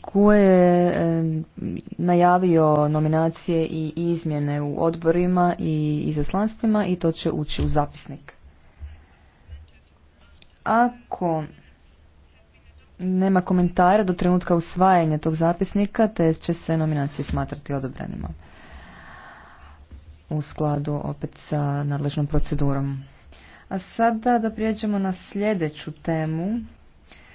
tko je e, najavio nominacije i izmjene u odborima i izaslanstvima i to će ući u zapisnik. Ako nema komentara do trenutka usvajanja tog zapisnika, te će se nominacije smatrati odobrenima u skladu opet sa nadležnom procedurom. A sada da prijeđemo na sljedeću temu